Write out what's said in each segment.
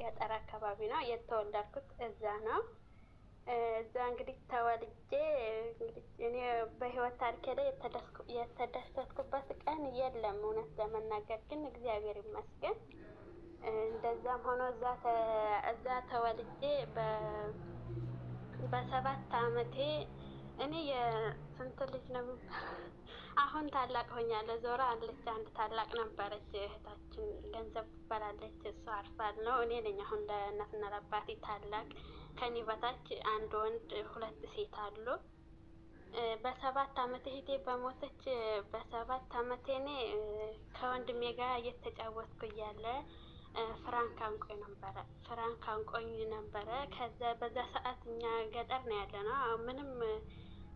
ገጠር አካባቢ ነው የተወለድኩት፣ እዛ ነው። እዛ እንግዲህ ተወልጄ እንግዲህ እኔ በህይወት ታሪኬ ላይ የተደሰትኩበት ቀን የለም። እውነት ለመናገር ግን እግዚአብሔር ይመስገን። እንደዛም ሆኖ እዛ ተወልጄ በሰባት አመቴ እኔ የስንት ልጅ ነው የሚባለው አሁን ታላቅ ሆኛለሁ። ዞሮ አለች አንድ ታላቅ ነበረች እህታችን ገንዘብ ትባላለች። እሷ አርፋል ነው። እኔ ነኝ አሁን ለእናትና ለአባቴ ታላቅ። ከኔ በታች አንድ ወንድ ሁለት ሴት አሉ። በሰባት አመት እህቴ በሞተች በሰባት አመት እኔ ከወንድሜ ጋር እየተጫወትኩ እያለ ፍራንክ አንቆኝ ነበረ። ፍራንክ አንቆኝ ነበረ። ከዛ በዛ ሰዓት እኛ ገጠር ነው ያለ ነው ምንም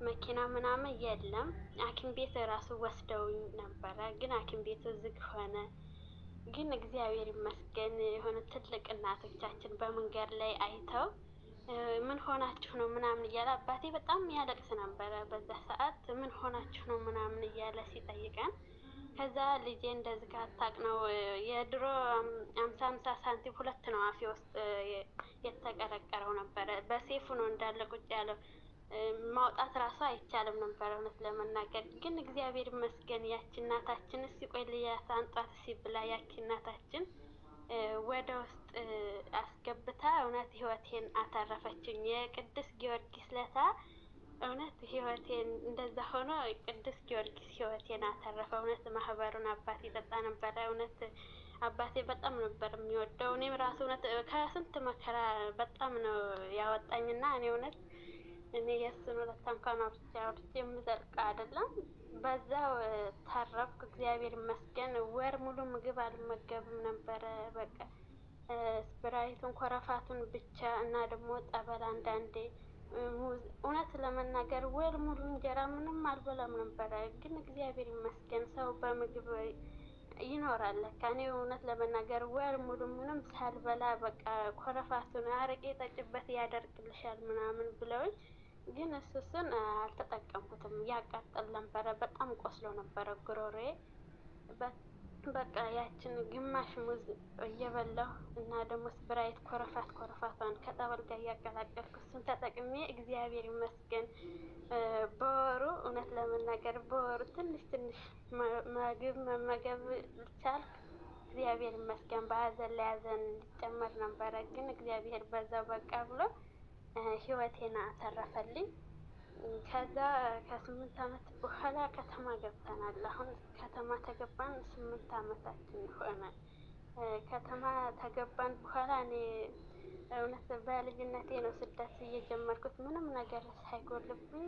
መኪና ምናምን የለም። ሐኪም ቤት ራሱ ወስደውኝ ነበረ፣ ግን ሐኪም ቤቱ ዝግ ሆነ። ግን እግዚአብሔር ይመስገን የሆነ ትልቅ እናቶቻችን በመንገድ ላይ አይተው ምን ሆናችሁ ነው ምናምን እያለ አባቴ በጣም ያለቅስ ነበረ። በዛ ሰዓት ምን ሆናችሁ ነው ምናምን እያለ ሲጠይቀን ከዛ ልጄ እንደዚህ አታውቅ ነው የድሮ አምሳ አምሳ ሳንቲም ሁለት ነው አፌ ውስጥ የተቀረቀረው ነበረ። በሴፉ ነው እንዳለ ቁጭ ያለው ማውጣት ራሱ አይቻልም ነበር። እውነት ለመናገር ግን እግዚአብሔር ይመስገን ያቺ እናታችን እስኪ ቆይ ልያት አንጧት ብላ ያቺ እናታችን ወደ ውስጥ አስገብታ እውነት ህይወቴን አተረፈችኝ። የቅዱስ ጊዮርጊስ ለታ እውነት ህይወቴን እንደዛ ሆኖ ቅዱስ ጊዮርጊስ ህይወቴን አተረፈ። እውነት ማህበሩን አባቴ ጠጣ ነበረ። እውነት አባቴ በጣም ነበር የሚወደው። እኔም ራሱ እውነት ከስንት መከራ በጣም ነው ያወጣኝና እኔ እውነት እኔ የእሱን ሁለት እንኳን አውርቼ አውርቼ የምዘልቅ አይደለም። በዛው ተረፍኩ፣ እግዚአብሔር ይመስገን። ወር ሙሉ ምግብ አልመገብም ነበረ። በቃ ስፕራይቱን ኮረፋቱን ብቻ እና ደግሞ ጠበል አንዳንዴ እውነት ለመናገር ወር ሙሉ እንጀራ ምንም አልበላም ነበረ። ግን እግዚአብሔር ይመስገን ሰው በምግብ ይኖራል ከኔ እውነት ለመናገር ወር ሙሉ ምንም ሳልበላ በቃ ኮረፋቱን አረቄ ጠጭበት ያደርቅልሻል ምናምን ብለውኝ ግን ስስን አልተጠቀምኩትም። ያቃጠል ነበረ፣ በጣም ቆስሎ ነበረ ጉሮሮዬ። በቃ ያችን ግማሽ ሙዝ እየበላሁ እና ደግሞ ስብራይት ኮረፋት ኮረፋቷን ከጠበል ጋር እያቀላቀልኩ እሱን ተጠቅሜ እግዚአብሔር ይመስገን በወሩ እውነት ለመናገር በወሩ ትንሽ ትንሽ ምግብ መመገብ ቻልኩ። እግዚአብሔር ይመስገን በሀዘን ላይ ሀዘን እንዲጨመር ነበረ፣ ግን እግዚአብሔር በዛው በቃ ብሎ ህይወቴን አተረፈልኝ። ከዛ ከስምንት ዓመት በኋላ ከተማ ገብተናል። አሁን ከተማ ተገባን ስምንት ዓመታችን ሆነ ከተማ ተገባን በኋላ እኔ እውነት በልጅነቴ ነው ስደት እየጀመርኩት ምንም ነገር ሳይጎልብኝ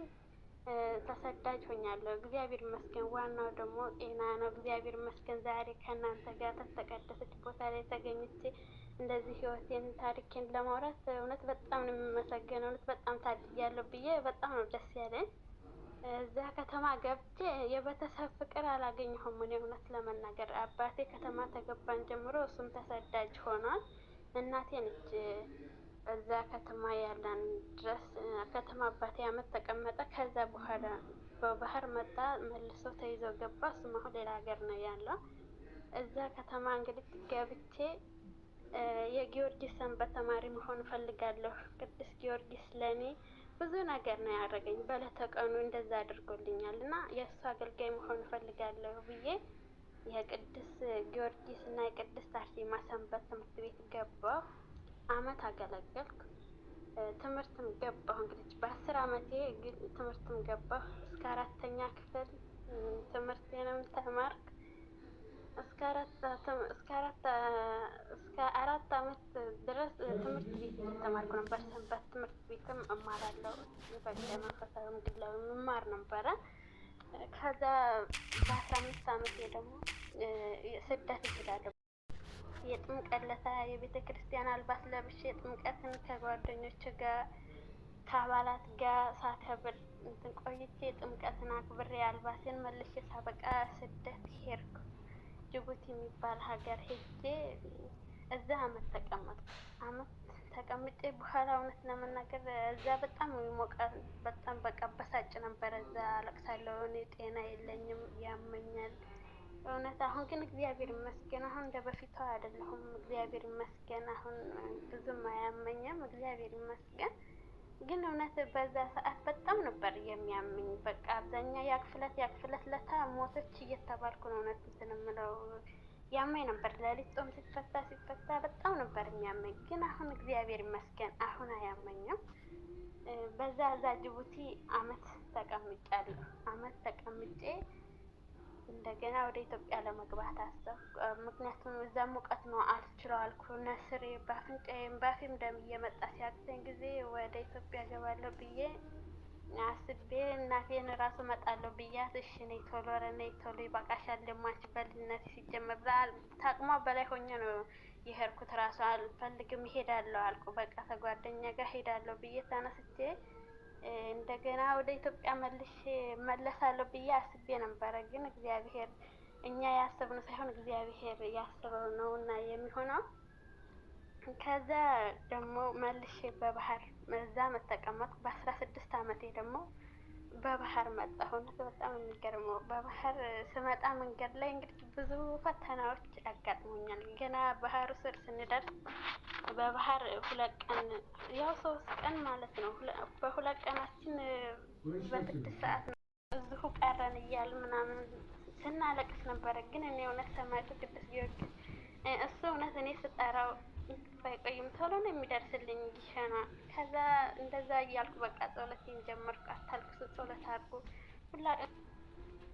ተሰዳጅ ሆኛለሁ። እግዚአብሔር ይመስገን። ዋናው ደግሞ ጤና ነው። እግዚአብሔር ይመስገን። ዛሬ ከእናንተ ጋር ተተቀደሰች ቦታ ላይ ተገኝቼ እንደዚህ ህይወቴን ታሪኬን ለማውራት እውነት በጣም ነው የምመሰገነው። እውነት በጣም ታድያለሁ ብዬ በጣም ነው ደስ ያለኝ። እዛ ከተማ ገብቼ የቤተሰብ ፍቅር አላገኘሁም። እኔ እውነት ለመናገር አባቴ ከተማ ተገባን ጀምሮ እሱም ተሰዳጅ ሆኗል። እናቴ ነች እዛ ከተማ ያለን ድረስ ከተማ አባቴ አመት ተቀመጠ። ከዛ በኋላ በባህር መጣ፣ መልሶ ተይዞ ገባ። እሱም አሁን ሌላ ሀገር ነው ያለው። እዛ ከተማ እንግዲህ ገብቼ ሰንበት ተማሪ መሆን እፈልጋለሁ። ቅዱስ ጊዮርጊስ ለእኔ ብዙ ነገር ነው ያደረገኝ። በለተቀኑ እንደዛ አድርጎልኛል እና የእሱ አገልጋይ መሆን እፈልጋለሁ ብዬ የቅዱስ ጊዮርጊስ እና የቅድስት አርሴማ ሰንበት ትምህርት ቤት ገባሁ። አመት አገለገልኩ። ትምህርትም ገባሁ። እንግዲህ በአስር አመቴ ትምህርትም ገባሁ። እስከ አራተኛ ክፍል ትምህርቴንም ተማርኩ። እስከ አራት ዓመት ድረስ ትምህርት ቤት የተማርኩ ነበር። ሰንበት ትምህርት ቤትም እማራለሁ። መንፈሳዊ ግላዊ መማር ነበረ። ከዛ በአስራ አምስት ዓመቴ ደግሞ ስደት እሄዳለሁ። የጥምቀት ለታ የቤተ ክርስቲያን አልባስ ለብሼ ጥምቀትን ከጓደኞች ጋር ከአባላት ጋር ሳከብር እንትን ቆይቼ ጥምቀትን አክብሬ አልባሴን መልሼ ሳበቃ ስደት ሄድኩ። ጅቡቲ የሚባል ሀገር ሄጄ እዛ አመት ተቀመጥኩ። አመት ተቀምጬ በኋላ እውነት ለመናገር እዛ በጣም ይሞቃል። በጣም በቃ በሳጭ ነበረ። እዛ አለቅሳለሁ፣ እኔ ጤና የለኝም፣ ያመኛል። እውነት አሁን ግን እግዚአብሔር ይመስገን፣ አሁን እንደ በፊቱ አይደለሁም። እግዚአብሔር ይመስገን፣ አሁን ብዙም አያመኝም። እግዚአብሔር ይመስገን። ግን እውነት በዛ ሰዓት በጣም ነበር የሚያምኝ። በቃ አብዛኛ ያክፍለት ያክፍለት ለታ ሞተች እየተባልኩ ነው እውነት እንትን የምለው ያመኝ ነበር። ለሊት ጾም ሲፈታ ሲፈታ በጣም ነበር የሚያመኝ። ግን አሁን እግዚአብሔር ይመስገን አሁን አያመኝም። በዛ እዛ ጅቡቲ አመት ተቀምጫለሁ። አመት ተቀምጬ እንደገና ወደ ኢትዮጵያ ለመግባት አሰብኩ። ምክንያቱም እዛ ሙቀት ነው አልችለው አልኩ። ነስሬ በአፍንጫዬም ባፌም ደም እየመጣ ሲያቅተኝ ጊዜ ወደ ኢትዮጵያ ገባለሁ ብዬ አስቤ እናቴን ራሱ እመጣለሁ ብያት፣ እሺ ነይ ቶሎ፣ ኧረ ነይ ቶሎ ይበቃሻል፣ የማትችልነት ሲጀመር ታቅሟ በላይ ሆኜ ነው የሄድኩት። ራሱ አልፈልግም፣ እሄዳለሁ አልኩ። በቃ ተጓደኛ ጋር ሄዳለሁ ብዬ ተነስቼ እንደገና ወደ ኢትዮጵያ መልሼ መለሳለሁ ብዬ አስቤ ነበረ። ግን እግዚአብሔር እኛ ያሰብነው ሳይሆን እግዚአብሔር ያስበው ነው እና የሚሆነው። ከዛ ደግሞ መልሼ በባህር እዛ መተቀመጥኩ በአስራ ስድስት አመቴ ደግሞ በባህር መጣሁ። እውነት በጣም የሚገርመው በባህር ስመጣ መንገድ ላይ እንግዲህ ብዙ ፈተናዎች ያጋጥሙኛል። ገና ባህሩ ስር ስንደርስ በባህር ሁለት ቀን ያው ሶስት ቀን ማለት ነው። በሁለት ቀናችን በስድስት ሰዓት እዙሁ እዚሁ ቀረን እያል ምናምን ስናለቅስ ነበረ። ግን እኔ እውነት ሰማዕቱ ቅዱስ ጊዮርጊስ እሱ እውነት እኔ ስጠራው ባይቆይም ቶሎ ነው የሚደርስልኝ ጊሸና። ከዛ እንደዛ እያልኩ በቃ ጸሎቴን ጀመርኩ። አታልቅሱ ጸሎት አድርጉ ሁላ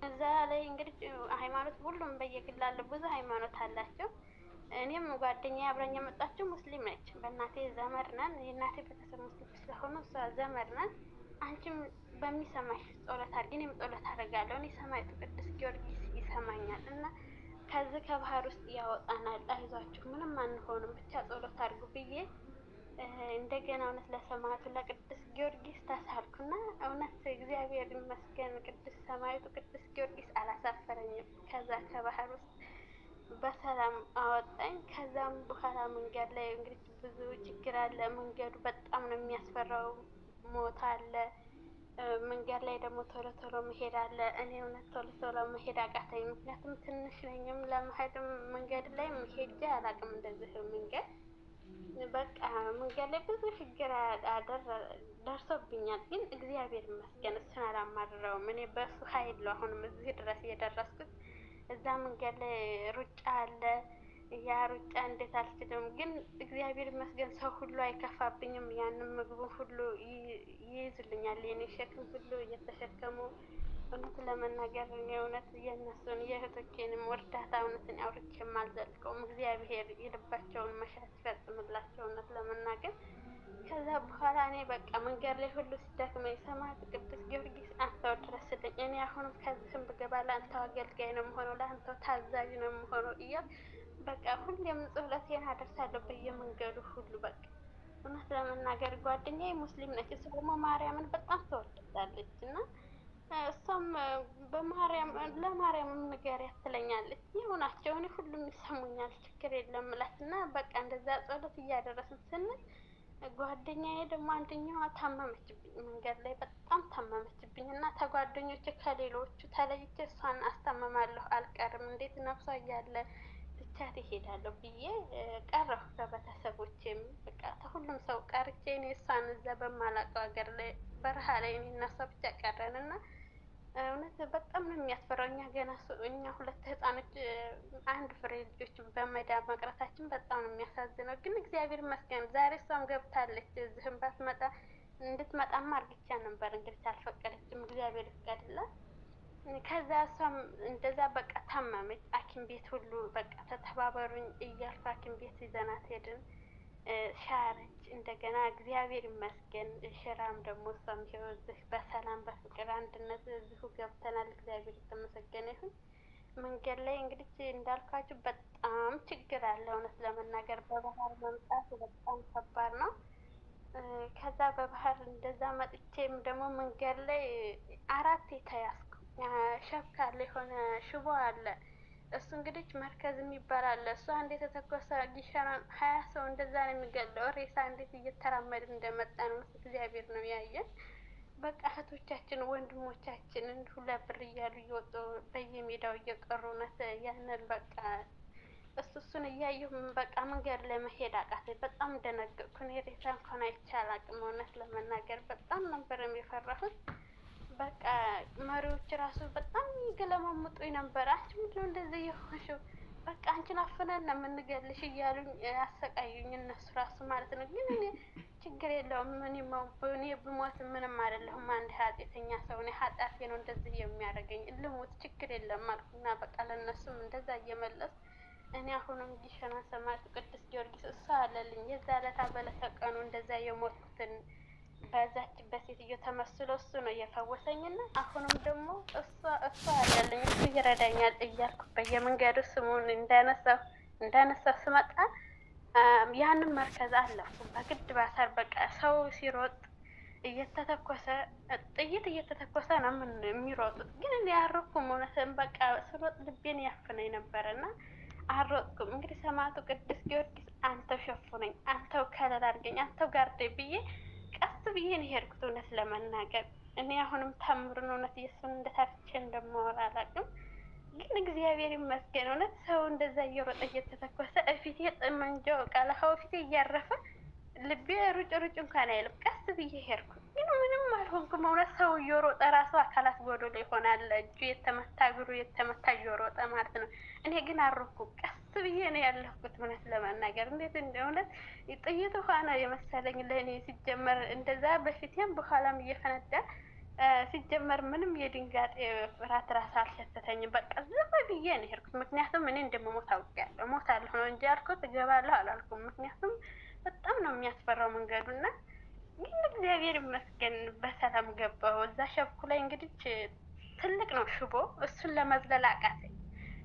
እዛ ላይ እንግዲህ ሃይማኖት ሁሉም በየግል ብዙ ሃይማኖት አላቸው። እኔም ጓደኛ አብረኝ የመጣችው ሙስሊም ነች። በእናቴ ዘመድ ነን፣ የእናቴ ቤተሰብ ሙስሊም ስለሆኑ እሷ ዘመድ ነን። አንቺም በሚሰማሽ ጸሎት አድርጊ፣ እኔም ጸሎት አደርጋለሁ። እኔ ሰማዕቱ ቅዱስ ጊዮርጊስ ይሰማኛል እና ከዚህ ከባህር ውስጥ ያወጣናል። አይዟችሁ ምንም አንሆንም ብቻ ጸሎት አድርጉ ብዬ እንደገና እውነት ለሰማዕቱ ለቅዱስ ጊዮርጊስ ተሳልኩና እውነት እግዚአብሔር ይመስገን ቅዱስ ሰማዕቱ ቅዱስ ጊዮርጊስ አላሳፈረኝም። ከዛ ከባህር ውስጥ በሰላም አወጣኝ። ከዛም በኋላ መንገድ ላይ እንግዲህ ብዙ ችግር አለ። መንገዱ በጣም ነው የሚያስፈራው። ሞት አለ መንገድ ላይ ደግሞ ቶሎ ቶሎ መሄድ አለ። እኔ እውነት ቶሎ ቶሎ መሄድ አቃተኝ፣ ምክንያቱም ትንሽ ነኝም ለመሄድ መንገድ ላይ ሄጄ አላቅም። እንደዚህ መንገድ በቃ መንገድ ላይ ብዙ ችግር ደርሶብኛል፣ ግን እግዚአብሔር ይመስገን እሱን አላማርረውም። እኔ በእሱ ኃይል አሁንም እዚህ ድረስ እየደረስኩት። እዛ መንገድ ላይ ሩጫ አለ ያ ሩጫ እንዴት አልችልም። ግን እግዚአብሔር ይመስገን ሰው ሁሉ አይከፋብኝም። ያንም ምግቡ ሁሉ ይይዝልኛል። የኔ ሸክም ሁሉ እየተሸከሙ እውነት ለመናገር የእውነት የእነሱን የእህቶቼንም እርዳታ እውነትን አውርቼም አልዘልቀውም። እግዚአብሔር የልባቸውን መሻት ይፈጽምላቸው እውነት ለመናገር ከዛ በኋላ እኔ በቃ መንገድ ላይ ሁሉ ሲደክመኝ ሰማዕት ቅዱስ ጊዮርጊስ አንተው ድረስልኝ፣ እኔ አሁንም ከዚህም ብገባ ለአንተው አገልጋይ ነው የምሆነው፣ ለአንተው ታዛዥ ነው የምሆነው እያልኩ በቃ ሁሌም ጸሎቴን አደርሳለሁ በየመንገዱ ሁሉ። በቃ እውነት ለመናገር ጓደኛዬ ሙስሊም ነች። እሷ ደግሞ ማርያምን በጣም ተወዳለች እና እሷም በማርያም ለማርያም ንገሪያት ይሁ ናቸው እኔ ሁሉም ይሰሙኛል ችግር የለም እላት እና በቃ እንደዛ ጸሎት እያደረስን ስንል ጓደኛዬ ደግሞ አንደኛዋ ታመመችብኝ፣ መንገድ ላይ በጣም ታመመችብኝ እና ተጓደኞች ከሌሎቹ ተለይቼ እሷን አስታመማለሁ አልቀርም እንዴት ነፍሷ እያለ ትቻት እሄዳለሁ ብዬ ቀረሁ። ከቤተሰቦቼም በቃ ከሁሉም ሰው ቀርቼ እኔ እሷን እዛ በማላውቀው ሀገር ላይ በረሃ ላይ እኔ እና እሷ ብቻ ቀረን እና እውነት በጣም ነው የሚያስፈራው። እኛ ገና እኛ ሁለት ህፃኖች አንድ ፍሬ ልጆች በመዳብ መቅረታችን በጣም ነው የሚያሳዝነው። ግን እግዚአብሔር ይመስገን ዛሬ እሷም ገብታለች። እዚህም ባትመጣ እንድትመጣማ አርግቻ ነበር እንግዲህ አልፈቀደችም። እግዚአብሔር ይፍቀድላት። ከዛ እሷም እንደዛ በቃ ታመመች። ሐኪም ቤት ሁሉ በቃ ተተባበሩኝ እያልኩ ሐኪም ቤት ይዘናት ሄድን። ሻረች እንደገና እግዚአብሔር ይመስገን። ሽራም ደግሞ እሷም ይኸው በሰላም በፍቅር አንድነት እዚሁ ገብተናል። እግዚአብሔር የተመሰገነ ይሁን። መንገድ ላይ እንግዲህ እንዳልኳችሁ በጣም ችግር አለ። እውነት ለመናገር በባህር መምጣት በጣም ከባድ ነው። ከዛ በባህር እንደዛ መጥቼም ደግሞ መንገድ ላይ አራት የተያዝኩ ሸብካ አለ፣ የሆነ ሽቦ አለ። እሱ እንግዲህ መርከዝ የሚባል አለ። እሷ እንዴት የተተኮሰ ጊሸና ሀያ ሰው እንደዛ ነው የሚገለው። ሬሳ እንዴት እየተራመድ እንደመጣ ነው እግዚአብሔር ነው ያየን። በቃ እህቶቻችን ወንድሞቻችን እንዲሁ ለብር እያሉ እየወጡ በየሜዳው እየቀሩ ነት ያንን በቃ እሱ እሱን እያየሁ በቃ መንገድ ለመሄድ አቃተኝ። በጣም ደነገጥኩ። እኔ ሬሳ እንኳን አይቻል አቅም እውነት ለመናገር በጣም ነበር የሚፈራሁት። በቃ መሪዎች ራሱ በጣም ይገለማመጡ ነበር። አንቺ ነው እንደዚህ የሆንሽው? በቃ አንቺን አፍነን ነው የምንገልሽ እያሉኝ አሰቃዩኝ፣ እነሱ ራሱ ማለት ነው። ግን እኔ ችግር የለውም እኔ ብሞት ምንም አይደለሁም። አንድ ኃጢአተኛ ሰው እኔ ኃጢአቴ ነው እንደዚህ የሚያደርገኝ፣ ልሙት ችግር የለም አልኩና በቃ ለእነሱም እንደዛ እየመለስ እኔ አሁንም ጊሸና ሰማዕቱ ቅዱስ ጊዮርጊስ እሱ አለልኝ የዛ ዕለት በለተቀኑ እንደዛ የሞትኩትን በዛችበት ሴትዮ ተመስሎ እሱ ነው እየፈወሰኝና አሁንም ደግሞ እሷ እሷ ያለኝ እሱ ይረዳኛል እያልኩ በየመንገዱ ስሙን እንዳነሳው እንዳነሳው ስመጣ ያንን መርከዝ አለፉ በግድ ባሳር በቃ ሰው ሲሮጥ እየተተኮሰ ጥይት እየተተኮሰ ነው ምን የሚሮጡት ግን እኔ አሮኩም እውነትን በቃ ስሮጥ ልቤን ያፍነኝ ነበረና አሮጥኩም እንግዲህ ሰማዕቱ ቅዱስ ጊዮርጊስ አንተው ሸፉነኝ አንተው ከለል አድርገኝ አንተው ጋርደኝ ብዬ ሳስብ ይሄን የሄድኩት እውነት ለመናገር እኔ አሁንም ታምሩን እውነት እየሱን እንደታርቼ እንደማወራ አላውቅም፣ ግን እግዚአብሔር ይመስገን እውነት ሰው እንደዛ እየሮጠ እየተተኮሰ እፊቴ ጥመንጃው ቃላሀው ፊቴ እያረፈ ልቤ ሩጭ ሩጭ እንኳን አይልም። ቀስ ብዬ ሄድኩ። ግን ምንም አልሆንኩም። እውነት ሰው እየሮጠ ራሱ አካላት ጎዶሎ ይሆናል። እጁ የተመታ እግሩ የተመታ እየሮጠ ማለት ነው። እኔ ግን አሮኩም ቀስ ብዬ ነው ያለሁት። እውነት ለመናገር እንዴት እንደ እውነት ጥይት ውሃ ነው የመሰለኝ ለእኔ ሲጀመር፣ እንደዛ በፊትም በኋላም እየፈነዳ ሲጀመር ምንም የድንጋጤ ፍርሃት ራስ አልሸተተኝም። በቃ ዝም ብዬ ነው የሄድኩት። ምክንያቱም እኔ እንደምሞት አውቄያለሁ። እሞታለሁ ነው እንጂ አልኩት፣ እገባለሁ አላልኩም። ምክንያቱም በጣም ነው የሚያስፈራው መንገዱና ግን እግዚአብሔር ይመስገን በሰላም ገባሁ። እዛ ሸብኩ ላይ እንግዲህ ትልቅ ነው ሽቦ፣ እሱን ለመዝለል አቃተኝ።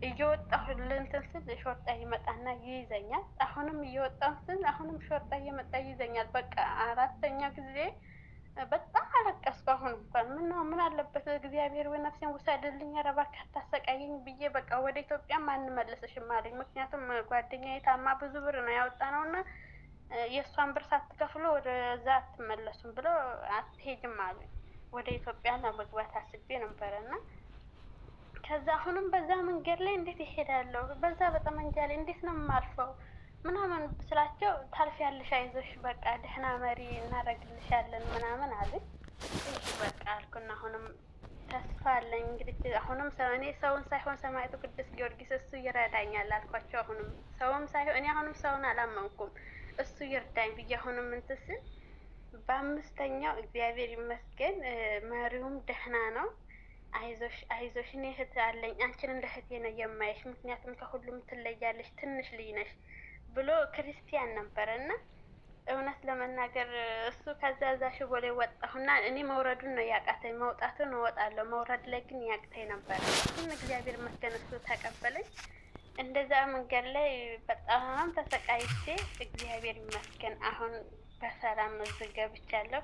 እየወጣሁ ልንትን ስል ሾርጣ ይመጣና ይይዘኛል። አሁንም እየወጣሁ ስል አሁንም ሾርጣ እየመጣ ይይዘኛል። በቃ አራተኛ ጊዜ በጣም አለቀስኩ። አሁን እንኳን ምን ነው ምን አለበት እግዚአብሔር ወይ ነፍሴን ውሰድልኝ፣ ኧረ እባክህ አታሰቃየኝ ብዬ በቃ ወደ ኢትዮጵያ አንመልስሽም አለኝ። ምክንያቱም ጓደኛዬ ታማ ብዙ ብር ነው ያወጣ እና የእሷን ብር ሳትከፍሉ ወደዛ አትመለሱም ብሎ አትሄጅም አሉኝ። ወደ ኢትዮጵያ ለመግባት አስቤ ነበረ እና ከዛ አሁንም በዛ መንገድ ላይ እንዴት ይሄዳለሁ? በዛ በጠመንጃ ላይ እንዴት ነው የማልፈው? ምናምን ስላቸው ታልፊያለሽ፣ አይዞሽ፣ በቃ ደህና መሪ እናደርግልሻለን ምናምን አሉኝ። እሺ በቃ አልኩና አሁንም ተስፋ አለኝ እንግዲህ አሁንም እኔ ሰውን ሳይሆን ሰማዕቱ ቅዱስ ጊዮርጊስ እሱ ይረዳኛል አልኳቸው። አሁንም ሰውም ሳይሆን እኔ አሁንም ሰውን አላመንኩም። እሱ ይርዳኝ ብዬ አሁንም እንትን ስል በአምስተኛው እግዚአብሔር ይመስገን መሪውም ደህና ነው። አይዞሽ አይዞሽ፣ እኔ እህት አለኝ፣ አንቺን እንደ እህቴ ነው የማየሽ፣ ምክንያቱም ከሁሉም ትለያለሽ፣ ትንሽ ልጅ ነሽ ብሎ ክርስቲያን ነበረ እና እውነት ለመናገር እሱ ከዛ ዛ ሽቦ ላይ ወጣሁና እኔ መውረዱን ነው ያቃተኝ። መውጣቱን እወጣለሁ፣ መውረድ ላይ ግን ያቅተኝ ነበረ። ግን እግዚአብሔር ይመስገን እሱ ተቀበለኝ። እንደዛ መንገድ ላይ በጣም ተሰቃይቼ እግዚአብሔር ይመስገን አሁን በሰላም እዚህ ገብቻለሁ።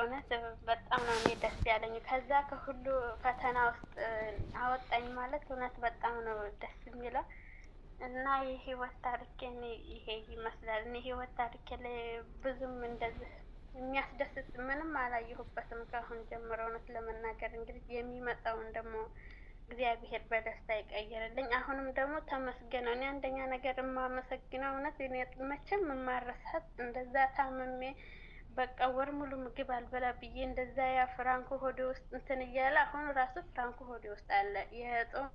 እውነት በጣም ነው እኔ ደስ ያለኝ። ከዛ ከሁሉ ፈተና ውስጥ አወጣኝ ማለት እውነት በጣም ነው ደስ የሚለው እና የህይወት ታሪኬን ይሄ ይመስላል። እኔ ህይወት ታሪኬ ላይ ብዙም እንደዚህ የሚያስደስት ምንም አላየሁበትም ከአሁን ጀምሮ እውነት ለመናገር እንግዲህ የሚመጣውን ደግሞ እግዚአብሔር በደስታ ይቀይርልኝ። አሁንም ደግሞ ተመስገነው። እኔ አንደኛ ነገር የማመሰግነው እውነት መቼም የማረሳት እንደዛ ታምሜ በቃ ወር ሙሉ ምግብ አልበላ ብዬ እንደዛ ያ ፍራንኮ ሆዴ ውስጥ እንትን እያለ አሁን ራሱ ፍራንኮ ሆዴ ውስጥ አለ። የጾም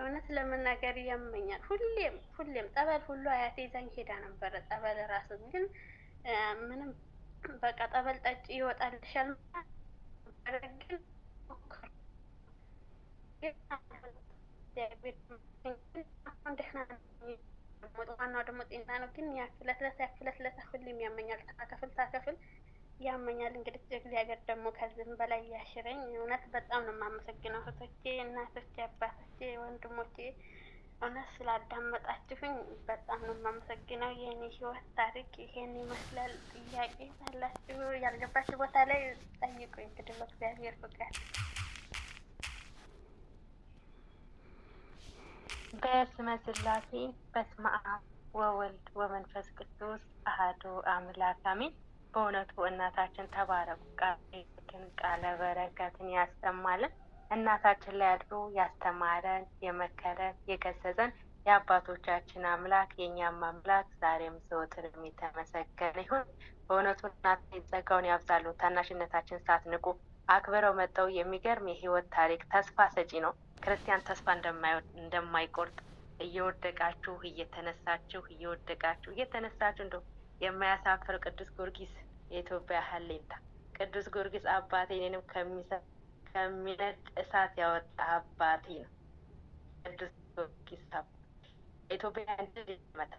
እውነት ለመናገር ያመኛል። ሁሌም ሁሌም ጠበል ሁሉ አያቴ ይዛኝ ሄዳ ነበረ። ጠበል ራሱ ግን ምንም በቃ ጠበል ጠጭ ይወጣልሻል ግን ዋናው ደግሞ ጤና ነው። ግን ያክለትለት ያክለትለት ሁሌም ያመኛል። ታከፍል ታከፍል ያመኛል። እንግዲህ እግዚአብሔር ደግሞ ከዚህም በላይ ያሽረኝ። እውነት በጣም ነው የማመሰግነው እህቶቼ፣ እናቶቼ፣ አባቶቼ፣ ወንድሞቼ እውነት ስላዳመጣችሁኝ በጣም ነው የማመሰግነው። የኔ ህይወት ታሪክ ይሄን ይመስላል። ጥያቄ ያላችሁ ያልገባችሁ ቦታ ላይ ጠይቁኝ። እንግዲህ በእግዚአብሔር ፍቃድ በስመ ስላሴ በስመ አብ ወወልድ ወመንፈስ ቅዱስ አህዶ አምላክ አሜን። በእውነቱ እናታችን ተባረኩ። ቃትን ቃለ በረከትን ያሰማልን። እናታችን ላይ አድሮ ያስተማረን፣ የመከረን፣ የገሰጸን የአባቶቻችን አምላክ የእኛም አምላክ ዛሬም ዘወትርም የተመሰገነ ይሁን። በእውነቱ እናት ጸጋውን ያብዛሉ። ታናሽነታችን ሳትንቁ አክብረው መጠው የሚገርም የህይወት ታሪክ ተስፋ ሰጪ ነው። ክርስቲያን ተስፋ እንደማይቆርጥ እየወደቃችሁ እየተነሳችሁ እየወደቃችሁ እየተነሳችሁ እንደ የማያሳፍር ቅዱስ ጊዮርጊስ የኢትዮጵያ ሀሌታ ቅዱስ ጊዮርጊስ አባቴ እኔንም ከሚነድ እሳት ያወጣ አባቴ ነው። ቅዱስ ጊዮርጊስ ኢትዮጵያ እንድል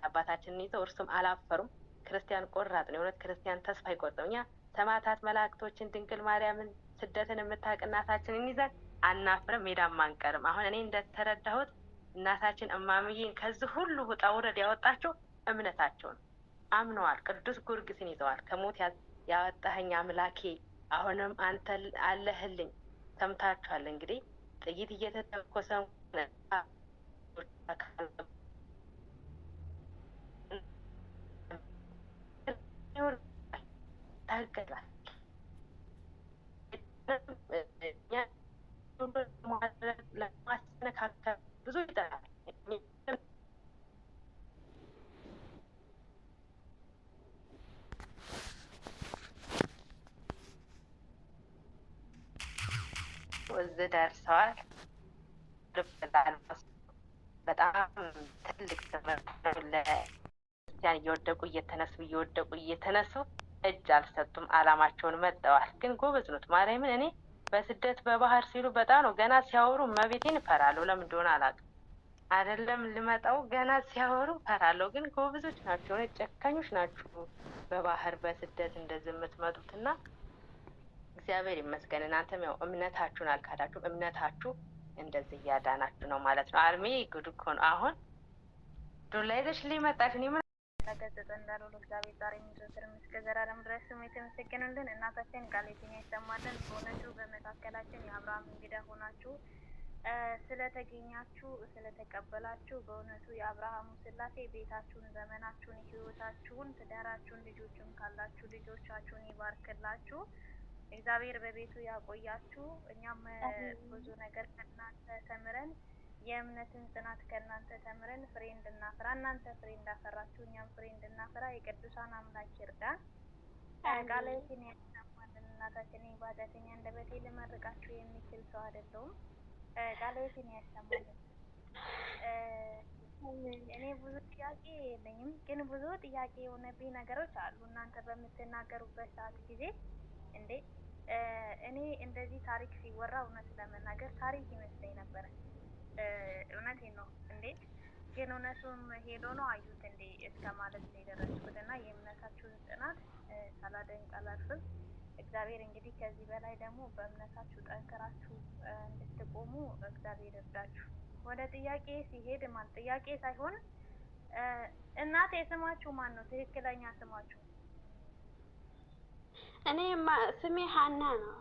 አባታችን ይዘው እርሱም አላፈሩም። ክርስቲያን ቆራጥ ነው። የእውነት ክርስቲያን ተስፋ አይቆርጥም። እኛ ሰማዕታት መላእክቶችን ድንግል ማርያምን ስደትን የምታውቅ እናታችን ይዘን አናፍርም፣ ሜዳም አንቀርም። አሁን እኔ እንደተረዳሁት እናታችን እማምዬን ከዚህ ሁሉ ውጣ ውረድ ያወጣቸው እምነታቸውን አምነዋል። ቅዱስ ጊዮርጊስን ይዘዋል። ከሞት ያወጣኸኝ አምላኬ አሁንም አንተ አለህልኝ። ሰምታችኋል እንግዲህ ጥይት እየተተኮሰ ታገላል። ለማስተነካከል ብዙ ይጠራል። እዚህ ደርሰዋል። በጣም ትልቅ ትምህርት ለክርስቲያን እየወደቁ እየተነሱ እየወደቁ እየተነሱ እጅ አልሰጡም። አላማቸውን መጠዋል። ግን ጎበዝ ኖት ማርያምን። እኔ በስደት በባህር ሲሉ በጣም ነው ገና ሲያወሩ መቤቴን እፈራለሁ። ለምን እንደሆነ አላውቅም። አይደለም ልመጣው ገና ሲያወሩ እፈራለሁ። ግን ጎበዞች ናቸው፣ ጨካኞች ናችሁ። በባህር በስደት እንደዚህ የምትመጡት እና እግዚአብሔር ይመስገን። እናንተም ያው እምነታችሁን አልካዳችሁም። እምነታችሁ እንደዚህ እያዳናችሁ ነው ማለት ነው። አልሜ ጉድ እኮ ነው። አሁን ዱላ ይዘሽ ሊመጣሽ ተገሰጸ እንዳልሆነ እግዚአብሔር ዛሬ የሚዘወትር እስከ ዘላለም ድረስ ስሙ የተመሰገነልን እናታችን ቃል የትኛ ይሰማልን። በእውነቱ በመካከላችን የአብርሃም እንግዳ ሆናችሁ ስለተገኛችሁ ስለተቀበላችሁ በእውነቱ የአብርሃሙ ስላሴ ቤታችሁን፣ ዘመናችሁን፣ ህይወታችሁን፣ ትዳራችሁን፣ ልጆችን ካላችሁ ልጆቻችሁን ይባርክላችሁ። እግዚአብሔር በቤቱ ያቆያችሁ። እኛም ብዙ ነገር ከእናንተ ተምረን የእምነትን ጽናት ከእናንተ ተምረን ፍሬ እንድናፈራ እናንተ ፍሬ እንዳፈራችሁ እኛም ፍሬ እንድናፈራ የቅዱሳን አምላክ ይርዳን። ቃላይትን ያሰማልን እናታችን። ባጫተኛ አንደበቴ ልመርቃችሁ የሚችል ሰው አይደለሁም። ቃላይትን ያሰማልን። እኔ ብዙ ጥያቄ የለኝም፣ ግን ብዙ ጥያቄ የሆነብኝ ነገሮች አሉ። እናንተ በምትናገሩበት ሰዓት ጊዜ እንዴ እኔ እንደዚህ ታሪክ ሲወራ እውነት ለመናገር ታሪክ ይመስለኝ ነበረ። Eh, እውነቴ ነው እንዴ? ግን እውነቱም ሄዶ ነው አዩት እንዴ እስከ ማለት ነው የደረስኩት። እና የእምነታችሁን ጽናት ሳላደንቅ አላልፍም። እግዚአብሔር እንግዲህ ከዚህ በላይ ደግሞ በእምነታችሁ ጠንክራችሁ እንድትቆሙ እግዚአብሔር ይርዳችሁ። ወደ ጥያቄ ሲሄድ ማን ጥያቄ ሳይሆን እናት ስማችሁ ማን ነው? ትክክለኛ ስማችሁ? እኔ ስሜ ሀና ነው።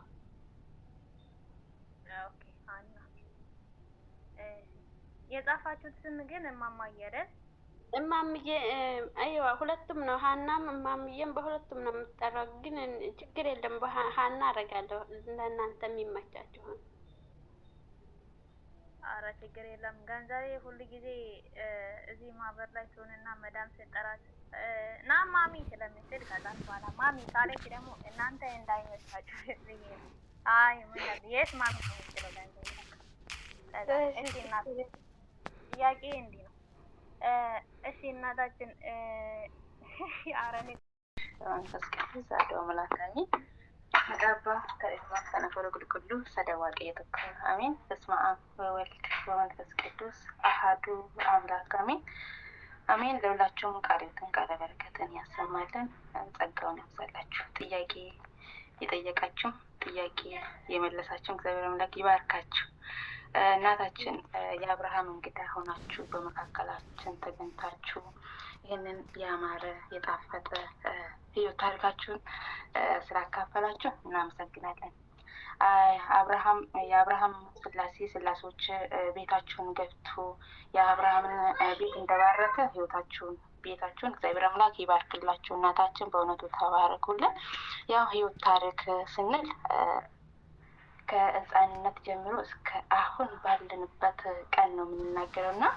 የጻፋችሁት ስም ግን እማማየረስ እማምዬ አይዋ ሁለቱም ነው። ሀናም እማምዬም በሁለቱም ነው የምትጠራው። ግን ችግር የለም ሀና አረጋለሁ ለእናንተ የሚመቻችሁን። አረ ችግር የለም። ገንዘቤ ሁሉ ጊዜ እዚህ ማህበር ላይ ትሆንና መዳም ስጠራት እና ማሚ ስለምትል ከዛ በኋላ ማሚ ካለች ደግሞ እናንተ እንዳይመስላችሁ አይ የት ማሚ ነው የምትለው ገንዘብ እናት ጥያቄ እንዲህ ነው። እሺ እናታችን አረኔ መንፈስ ቅዱስ አዶ መላካኝ መጋባ ተሪፍማ ሰደዋቂ የተከ አሜን። በስመ አብ ወወልድ ወመንፈስ ቅዱስ አሃዱ አምላክ አሜን አሜን። ለሁላችሁም ቃሪትን ቃለ በረከትን ያሰማልን፣ ጸጋውን ያብዛላችሁ። ጥያቄ የጠየቃችሁ ጥያቄ የመለሳችሁ እግዚአብሔር አምላክ ይባርካችሁ። እናታችን የአብርሃም እንግዳ ሆናችሁ በመካከላችን ተገኝታችሁ ይህንን ያማረ የጣፈጠ ህይወት ታሪካችሁን ስላካፈላችሁ እናመሰግናለን። አብርሃም የአብርሃም ስላሴ ስላሴዎች ቤታችሁን ገብቶ የአብርሃምን ቤት እንደባረከ ህይወታችሁን ቤታችሁን እግዚአብሔር አምላክ ይባርክላችሁ። እናታችን በእውነቱ ተባረኩልን። ያው ህይወት ታሪክ ስንል ከህፃንነት ጀምሮ እስከ አሁን ባለንበት ቀን ነው የምንናገረው እና